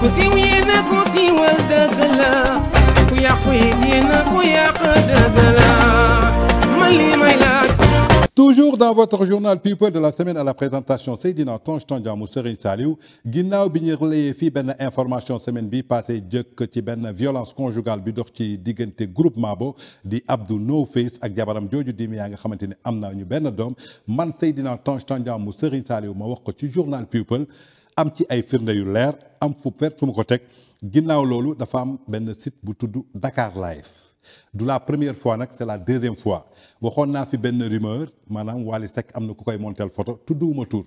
ku siiw yéena ku siiwal dëgg la ku yàqu yéena ku yàq dëgg la man li may laaj toujours dans votre journal people de la semaine à la présentation Seydina Tange Tandian Serigne Saliou ginnaaw bi ñu relayé fii benn information semaine bi passé jëkk ci benn violence conjugale bi dox ci diggante groupe Mabo di Abdou No Face ak jabaram jooju di yaa nga xamante ne am na ñu benn doom man Seydina Tange Tandian Serigne Saliou ma wax ko ci journal people am ci ay firnde yu leer am fu per fu ma ko teg ginnaaw loolu dafa am benn site bu tudd Dakar Live du la première fois nag c'est la deuxième fois waxoon naa fi benn rumeur maanaam Wally Seck am na ku koy monteel photo tudduwuma tur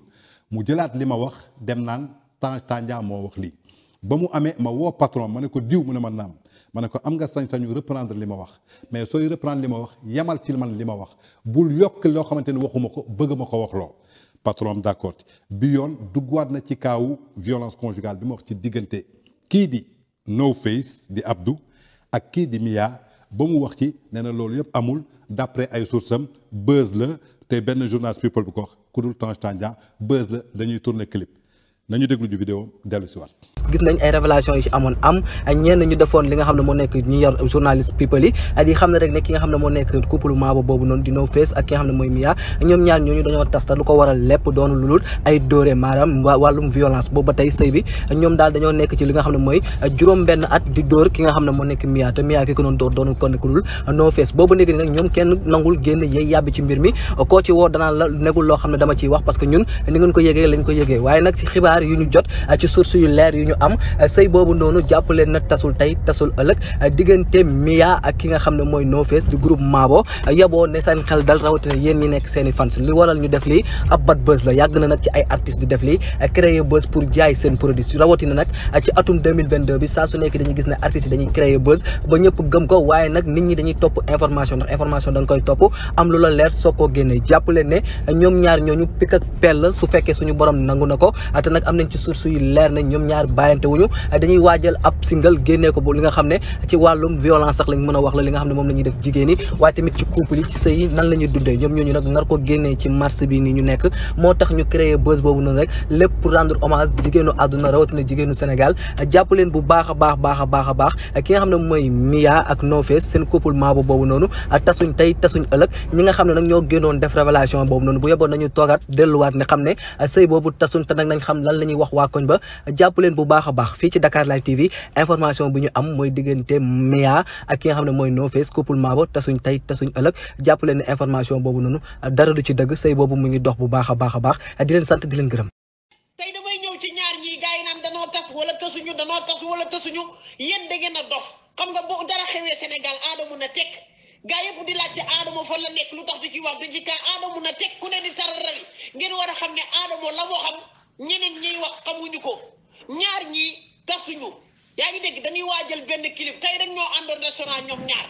mu jëlaat li ma wax dem naan Tange Tandian moo wax lii ba mu amee ma woo patron ma ne ko diw mu ne ma naam ma ne ko am nga sañ-sañu reprendre li ma wax mais sooy reprendre li ma wax yamal ci man li ma wax bul yokk loo xamante ni waxuma ko bëgg ko wax loo patron am d'accord bi yoon duggaat na ci kaawu violence conjugale bi mu wax ci diggante kii di No Face di Abdou ak kii di Mia ba mu wax ci nee na loolu yëpp amul d'après ay sources am buzz la te benn journaliste people bu ko wax ku dul Tange Tandian buzz la dañuy tourner clip nañu déglu ju vidéo dellu si waat gis nañ ay révélation yi ci amoon am ak ñenn ñu defoon li nga xam ne moo nekk ñu boobu noonu di No Face mooy Mia ñoom ñaar ñooñu dañoo tasta lu ko waral boobu nekk ñoom kenn nangul génn yey yàbbi ci mbir mi koo ci woo danaa la negul loo xam ne dama ciy wax parce que ñun ni ngeen ko yégee lañ ko yégee waaye nag ci xibaar yu ñu jot ci source yu leer yu ñu ñu am sëy boobu noonu jàpp leen tasul tey tasul ëllëg diggante Mia ak ki nga xam ne mooy No Face di groupe Mabo yaboo ne seen xel dal rawatina yéen ñi nekk seen fans li waral ñu def lii ab bad buzz la yàgg na nag ci ay artistes di def lii créer buzz pour jaay seen produit rawatina nag ci atum bi saa su nekk dañuy gis ne artistes dañuy créer buzz ba ñëpp gëm ko waaye nag nit ñi dañuy topp information ndax information da koy topp am lu l leer soo ko génnee jàpp na bàyyante wuñu dañuy waajal ab single génnee ko bu li nga xam ne ci wàllum violence sax lañ mën a wax la li nga xam ne moom la ñuy def jigéen yi waaye tamit ci couple yi ci sëy yi nan la ñuy dundee ñoom ñooñu a a baax a baax ki nga xam ne mooy Mia ak No Face seen couple maabo boobu noonu tasuñ tey tasuñ ëllëg nga xam ne nag ñoo génnoon def révélation boobu noonu bu yeboon nañu toogaat delluwaat ne xam ne sëy boobu tasuñ te nag nañ xam lan la ñuy wax waa koñ ba jàpp leen bu baax a baax fii ci Dakar Live TV information bu ñu am mooy diggante Mia ak ki nga xam ne mooy No Face couplement ba tasuñ tey tasuñ ëllëg jàpp leen ne information boobu noonu dara du ci dëgg sëy boobu mu ngi dox bu baax a baax a di leen sant di leen gërëm. tey damay ñëw ci ñaar ñii gars naan danoo tas wala tasuñu danoo tas wala tasuñu yéen da ngeen a dof xam nga bu dara xewee Sénégal aadamu na tekk gaa yëpp di laajte aadamo fan la nekk lu tax di a ñaar ñii tasuñu yaa ngi dégg dañuy waajal benn clip tey rek ñoo ànd àndoon restaurant ñoom ñaar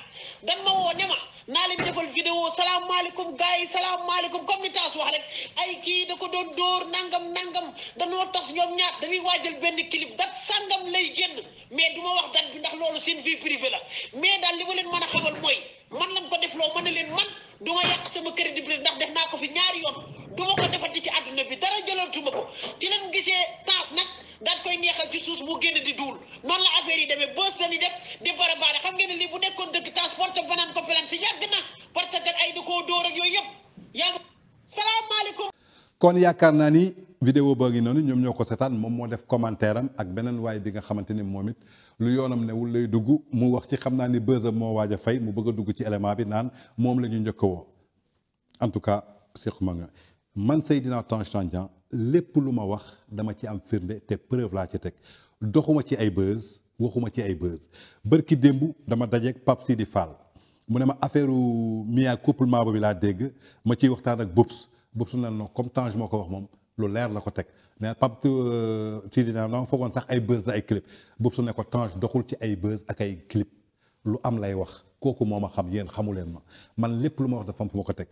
dan ma woo ne ma naa leen defal vidéo salaamaaleykum gars yi salaamaaleykum comme ni taas wax rek ay kii da ko doon dóor nangam nangam danoo tas ñoom ñaar dañuy waajal benn clip dat sangam lay génn mais du ma wax dat bi ndax loolu seen vie privée la mais daal li ma leen mën a xamal mooy man lañ ko def loo mën a leen man du ma yàq sama crédibilité ndax def naa ko fi ñaari yoon. du ma ko defati ci àdduna bi dara jëlantuma ko di leen gisee taas nag dañ koy neexal ci suuf mu génn di duul noonu la affaire yi demee bës la ni def di barabaare xam ngeen lii bu nekkoon dëkk taas porte banaan ko pelan si yàgg na parce ay da koo dóor ak yooyu yëpp yàgg salaamaaleykum kon yaakaar naa ni vidéo baa ngi noonu ñoom ñoo ko seetaan moom moo def commentaire ak beneen waay bi nga xamante ni moom it lu yoonam newul lay dugg mu wax ci xam naa ni bës moo waaj a fay mu bëgg dugg ci élément bi naan moom la njëkk woo en tout cas sequma nga man Seydina Tange Tandian lépp lu ma wax dama ci am firnde te preuve laa ci teg doxuma ci ay buzz waxuma ci ay buzz bërki démb dama dajeek Pape di Fall mu ne ma affaire mia couple maabo bi laa dégg ma ciy waxtaan ak Boubs Boubs na non comme Tange moo ko wax moom lu leer la ko teg mais Pape euh, Sidi na non foogoon sax ay buzz la ay clip Boubs ne ko Tange doxul ci ay buzz ak ay clip lu am lay wax kooku moom ma xam yéen xamu leen ma man lépp lu ma wax dafa ma ko teg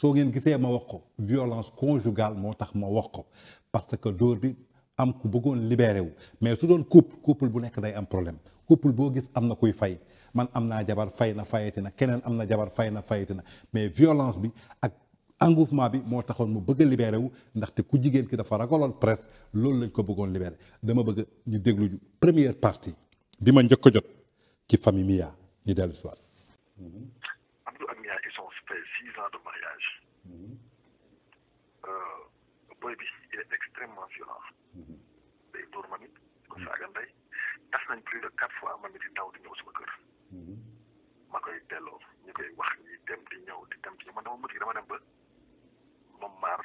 soo ngeen gisee ma wax ko violence conjugale moo tax ma wax ko parce que dóor bi am ku bëggoon libéré wu mais su doon couple couple bu nekk day am problème couple boo gis am na kuy fay man am naa jabar fay na fayati na keneen am na jabar fay na fayati na mais violence bi ak engouement bi moo taxoon mu bëgg a libéré wu ndaxte ku jigéen ki dafa ragaloon presse loolu lañ ko bëggoon libéré dama bëgg ñu déglu première partie bi ma njëkk a jot ci famille ñu dellu si boy bi il est extrêmement violent mhm. day dóor ma nit ko mhm. saaga ndey tas nañ plus de quatre fois ma nit di daw di ñëw sama kër mhm. ma koy delloo ñu koy wax ñi dem di ñëw di dem di ñëw man dama mujj dama dem ba moom maar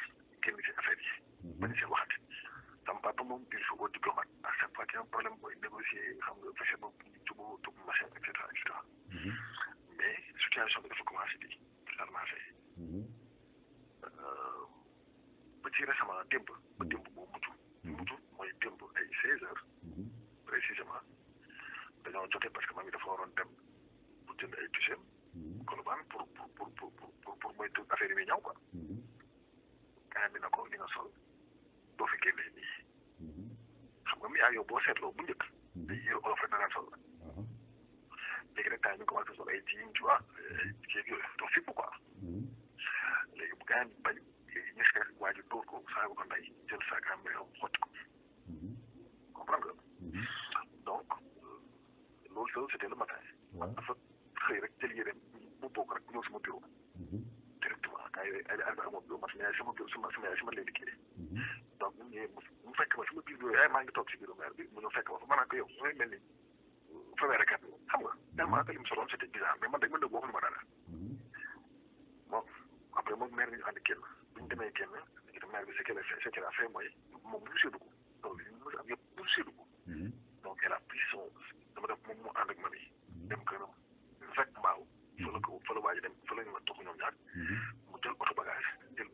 parrain na ko li nga sol boo fi génnee nii xam nga miyaa yow boo seetloo bu njëkk mhm. day yére olof rek danaan sol uh-huh. léegi nag temps ñu commencé sol ay tiim tu vois jéeg mhm. yooyu doo fipp quoi mhm. léegi bu gaañ bañ léegi ñes ka waa ji ko saabu ko ndey jël saagaam réew xotti ko comprendre nga donc euh, loolu soo c'était le matin man dafa xëy rek jël ay ay ay ay moom ma sama sama sama yaay sama lay liggéey donc bu ñëwee mu fekk ma sama biir yooyu ay maa ngi toog si biiru maire bi mu ñëw fekk ma fa ma naan ko yow mooy mel ni fawerekat xam nga tellement que li mu soloon c'était bizarre mais man dañ mën dëgg waxuñu ma dara bon après moom maire bi ñu ànd kenn bu ñu demee kenn itam maire bi ce qu'elle a fait ce qu'elle a fait mooy moom bu ñu séddu ko donc li mu am yëpp bu ñu séddu ko donc elle a pris son dama def moom mu ànd ak man yi dem këram fekk mbaaw fa la ko fa la waaj a dem fa la ñu ma toog ñoom ñaar mhm. mu jël oto bagage jël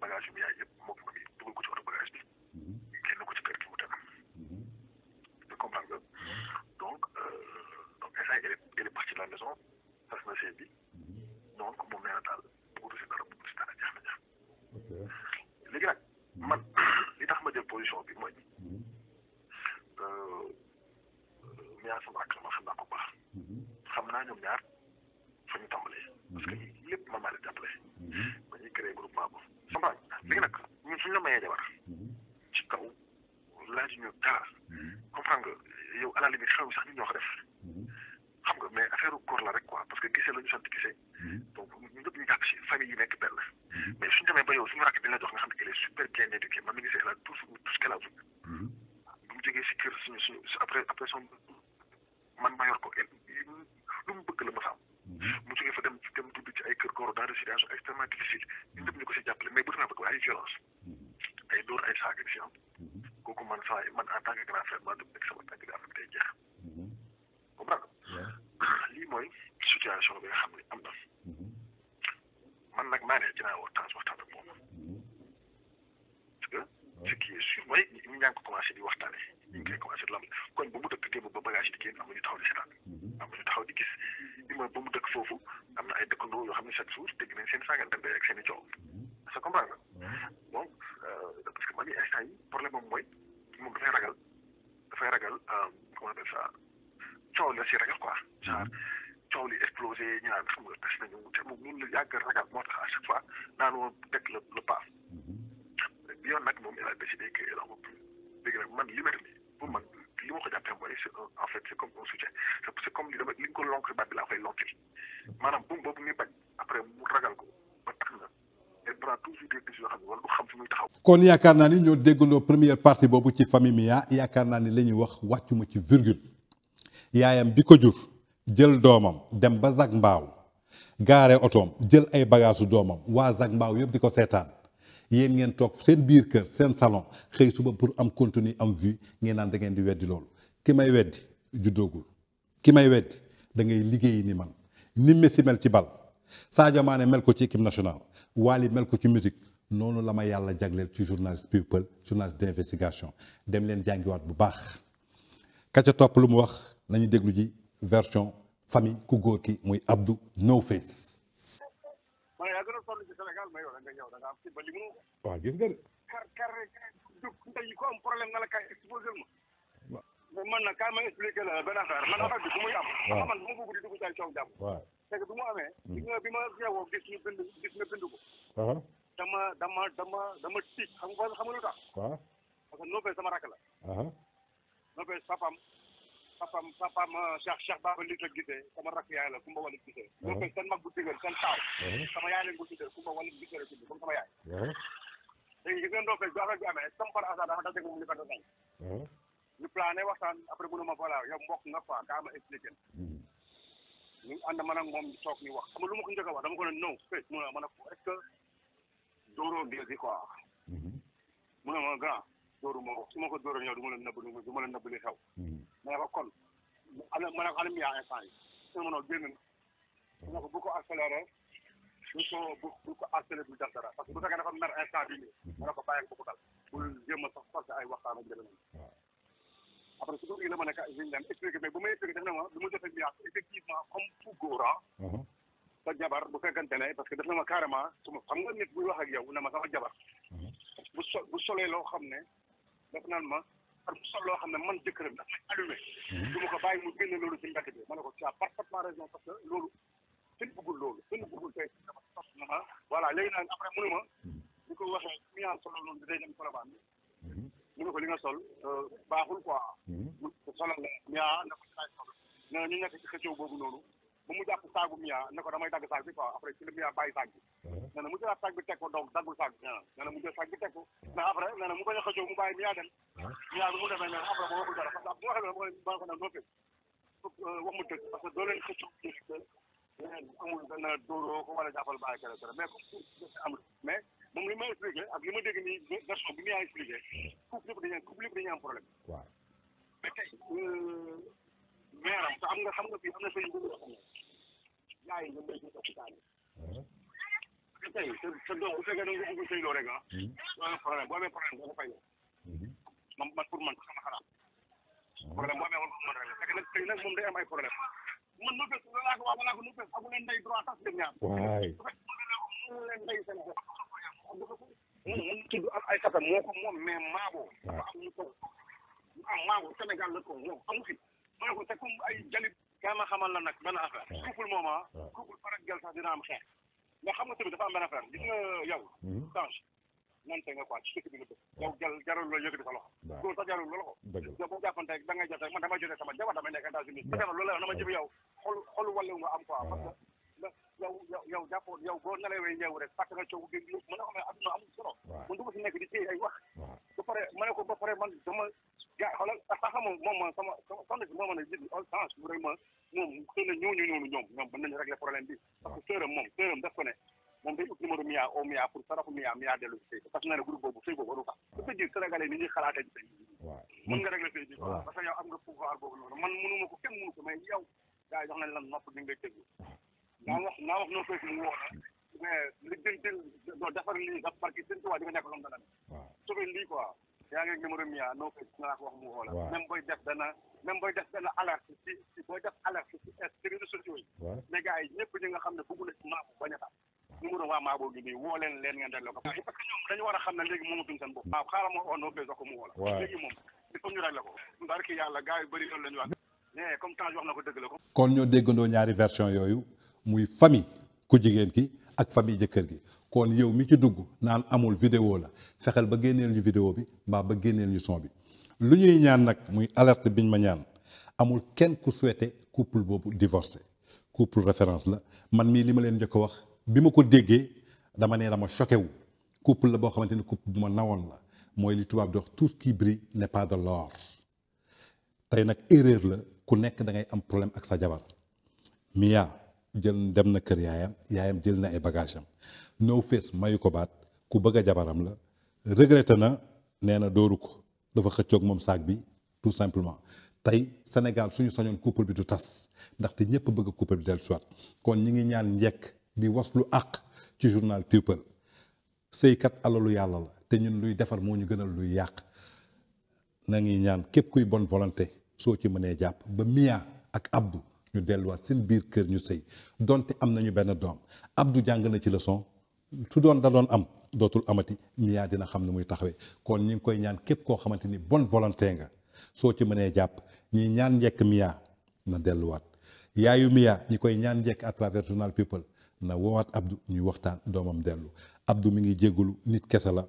violence mm-hmm. ay dóor ay saaga di si am kooku man saa man en tant que grand frère maa dugg nekk sama mm-hmm. lii mooy situation bi am na mm-hmm. man nag maa ne dinaa waxtaan waxtaan ak moom parce que ce qui est sûr di waxtaane ñu ngi koy commencé di lam kon ba mu dëkk démb ba bagage yi di génn amuñu taxaw taxaw di gis li mooy ba mu dëkk foofu am na ay dëkkandoo yoo xam ne chaque jour dégg nañ seen saagal dembee ak seen i kon yaakaar naa ni ñoo déggandoo première partie boobu ci famille Mia yaakaar naa ni la ñuy wax wàccuma ci virgule yaayam bi ko jur jël doomam dem ba Zac mbaaw gaaree otoom jël ay bagaasu doomam waa Zac Mbao yëpp di ko seetaan yéen ngeen toog seen biir kër seen salon xëy suba pour am contenu am vue ngeen naan da ngeen di weddi loolu ki may weddi juddoogul ki may weddi dangay ngay liggéeyi ni man ni Messi mel ci bal saa Mané mel ko ci équipe nationale. waa Wally mel ko ci musique noonu la ma yàlla jagleel ci journaliste people journaliste d'investigation dem leen jàngiwaat bu baax ka topp lu mu wax lañu déglu ji version famille ku góor ki muy Abdou No Face waaw gis nga de man nag kaay ma expliqué la benn affaire man affaire bi bu muy am. waaw man bu ma bëgg di dugg ci ay coow jàmm. waaw c'est que bu mu amee. bi hmm. ma bi ma yeewoo gis ñu bind gis nga bind ko. Uh-huh. dama dama dama dama tiit xam nga xam nga lu tax. waaw parce que Nobel sama rakk la. Uh-huh. Nobel papaam papaam papaam euh, Cheikh Cheikh Baba Ly la gisee sama rakk yaay la Kumba Walit gisee. Uh-huh. Nobel seen mag bu digal seen taaw. sama yaay lañ ko gisee Kumba Walit gisee la tudd comme sama yaay. léegi gis nga Nobel bi affaire bi amee sama par hasard dafa daje moom li ko doon sañ. ñu plané waxtaan après mu ne ma voilà yow mbokk nga quoi kaa ma expliqué. Hmm. ñu ànd man ak moom ñu toog ñu wax xam nga lu ma ko njëkk a wax dama ko ne non fekk mu ne ma ne ko est ce que. dóoroo desi quoi. mu ne ma grand dóoru ma ko su ma ko dóoroo ñëw du ma la nëbb du ma la nëbb li xew. ne mhm. ko kon ana ma ne ko ana mu yaa instant yi su ma mënoon génn na ko bu ko accéléré bu ko bu bu ko accéléré du def dara parce que bu fekkee dafa mer instant bii nii ma mhm. ne ko bàyyi ko ko dal bul jéem a sax forcé ay waxtaan ak jëlee noonu. après su ko la ma nekk ay viñ leen expliqué mais lu ma jot a effectivement comme tout góor ah. mhm. sa jabar bu fekkante ne parce que def na ma carrément su ma xam nga nit buy wax ak yow na ma sama jabar mhm. bu sol bu solee loo xam ne def naan ma par bu sol loo xam ne man jëkkëram daf may allumé mhm. ko bàyyi mu génne loolu ci ba bi ma ne ko tu as parfaitement raison parce que loolu kenn bëggul loolu kenn bëggul tey dafa sos na ma voilà léegi nag après mënu ma bu mhm. ko waxee mi yaa solo noonu day dem mu ne ko li nga sol euh, baaxul quoi solal la mi yaa na ko ñu nekk ci boobu noonu ba mu jàpp saag bu Mia ne ko damay dagg saag bi quoi après ci la ko donc daggul ah, ko mais après nee na mu bañ a xëccoo mu bàyyi Mia dem Mia bi mu demee nee na après boo waxul dara parce que bu ma xamee ba ko ne noo fekk euh, wax mu dëgg parce que doo leen xëccoo leen amul benn dóoroo ko wala jàppal bàyyi kere kere mais amul mais moom li ma expliqué ak li ma dégg nii version bi Mia expliqué couple yëpp dañuy couple yëpp dañuy am problème euh, nga xam nga fii am na yaa ngi nga ci hôpital bi tey sa doom bu fekkee da nga ko bëgg sëyloo rek ah boo amee problème boo amee problème boo ko fayoo man man pour man sama xalaat problème boo amee woon man rek fekk nag tey nag moom day am ay problème man no fes laa ko waa laa ko no fes aku leen day droit tas dem ñaar leen day seen tudd ay katam moo ko moom mais maabo dafa am ñu ko am maabo Sénégal la ko moom amu fi ma ne ko te comme ay jalib kaa ma xamal la nag benn affaire. couple moom ah. couple farak gel sax dina am xeex. mais xam nga tamit dafa am benn affaire gis nga yow. change mhm. nante nga quoi ci dëkk bi nga dëkk. yow jël jarul loo yëkkati sa loxo. waaw góor sax jarul loo loxo. dëgg la yow boo jàppante da xol xol wàllu nga am quoi. parce que yow yow nelawee ñëw rek fàtte nga coow génn yëpp na ko amee aduna amul solo. ma si nekk di téye ay wax. ba pare ma ko ba pare man dama gaa xoolal sax moom moom sama sama soxna si moo mën a gis on ah, change vraiment moom xëy na ñooñu ñooñu ñoom ñoom mën nañu régler problème bi parce que sëram moom sëram daf ko ne moom day ut numéro Mia au Mia pour saraxu Mia Mia dellu si sëy parce que nee na groupe boobu sëy boobu waru fa dafa jël sénégalais ni ñuy xalaatee ci sëy mën nga régler sëy bi parce que yow am nga pouvoir boobu noonu man mënuma ko kenn mënu ko mais yow gaa yi jox nañ la nopp bi ngay tëgg naa wax naa wax noo fekk mu woona mais li gën doo defar lii daf parce que seen tubaab di nga nekk loolu dana ne sauver lii quoi yaa ngi ak numéro Mia noo koy dinaa ko wax mu woo la. même booy def dana même booy def dana alerte ci ci booy def alerte ci ci réseaux sociaux yi. waaw mais yi ñëpp ñi nga xam ne bëgg na ci Maabo bañ a tax. leen leen ngeen delloo ko. xam ne léegi moomatuñ seen bopp. waaw xaaral ma oo noo koy jox mu woo la. léegi moom il faut ñu raj la ko. barki yàlla gaa yu bëri loolu la ñu wax. mais comme temps wax na ko dëgg la ko. kon ñoo déggandoo ñaari version yooyu muy famille ku jigéen ki ak famille jëkkër gi kon yow mi ci dugg naan amul vidéo la fexeel ba génneel ñu vidéo bi mbaa ba génneel ñu son bi lu ñuy ñaan nag muy alerte biñ ma ñaan amul kenn ku suwete couple boobu divorcé couple référence la man mii li ma leen njëkk a wax bi ma ko déggee dama ne dama choqué wu couple la boo xamante ni couple bu ma nawoon la mooy li tubaab di wax tout ce qui brille n'est pas de l'or tey nag erreur la ku nekk da ngay am problème ak sa jabar Mia jël dem na kër yaayam yaayam jël na ay bagage no face mayu ko baat ku bëgg a jabaram la regretté na nee na dooru ko dafa xëccoog moom saak bi tout simplement tey Sénégal suñu sañoon couple bi du tas ndaxte ñëpp bëgg couple bi dellu soit kon ñi ngi ñaan njekk di was lu àq ci journal People sëykat alalu yàlla la te ñun luy defar moo ñu gënal luy yàq na ngi ñaan képp kuy bonne volonté soo ci mënee jàpp ba Mia ak Abdou ñu delluwaat seen biir kër ñu sëy donte am nañu benn doom Abdou jàng na ci leçon su doon da doon am dootul amati Mia dina xam ne muy taxawee kon ñu ngi koy ñaan képp koo xamante ni bon volonté nga soo ci mënee jàpp ñi ñaan njekk Mia na delluwaat yaayu Mia ñi koy ñaan njekk à travers journal people na woowaat Abdou ñuy waxtaan doomam dellu Abdou mi ngi jégalu nit kese la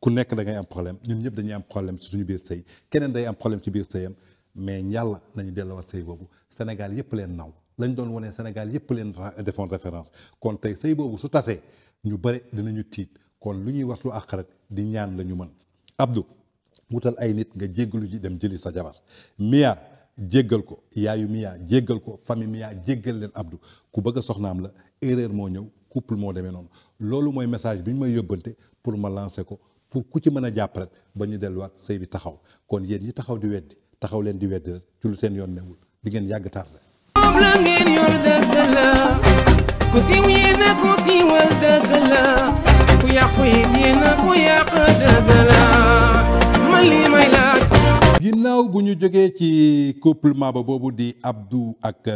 ku nekk da ngay am problème ñun ñëpp dañuy am problème ci suñu biir sëy keneen day am problème si biir sëyam mais yàlla nañu delluwaat sëy boobu Sénégal yëpp leen naw lañ doon wone Sénégal yëpp leen defoon référence kon tey sëy boobu su tasee ñu bare dinañu tiit kon lu ñuy wax lu ak xarit di ñaan la ñu mën Abdou wutal ay nit nga lu ji dem jëli sa jabar Mia jéggal ko yaayu Mia jéggal ko famille Mia jéggal leen Abdou ku bëgg a am la erreur moo ñëw couple moo demee noonu loolu mooy message bi ñu may yóbbante pour ma lancer ko pour ku ci mën a jàpp rek ba ñu delluwaat sëy bi taxaw kon yéen ñi taxaw di weddi taxaw leen di weddi rek ci lu seen yoon newul di ngeen yàgg tardé. ku siiw yéena ku siiwal dëgg ku yàqu it yéena ku yàq dëgg la man may laaj ginnaaw bu ñu jógee ci couplement ba boobu di Abdou ak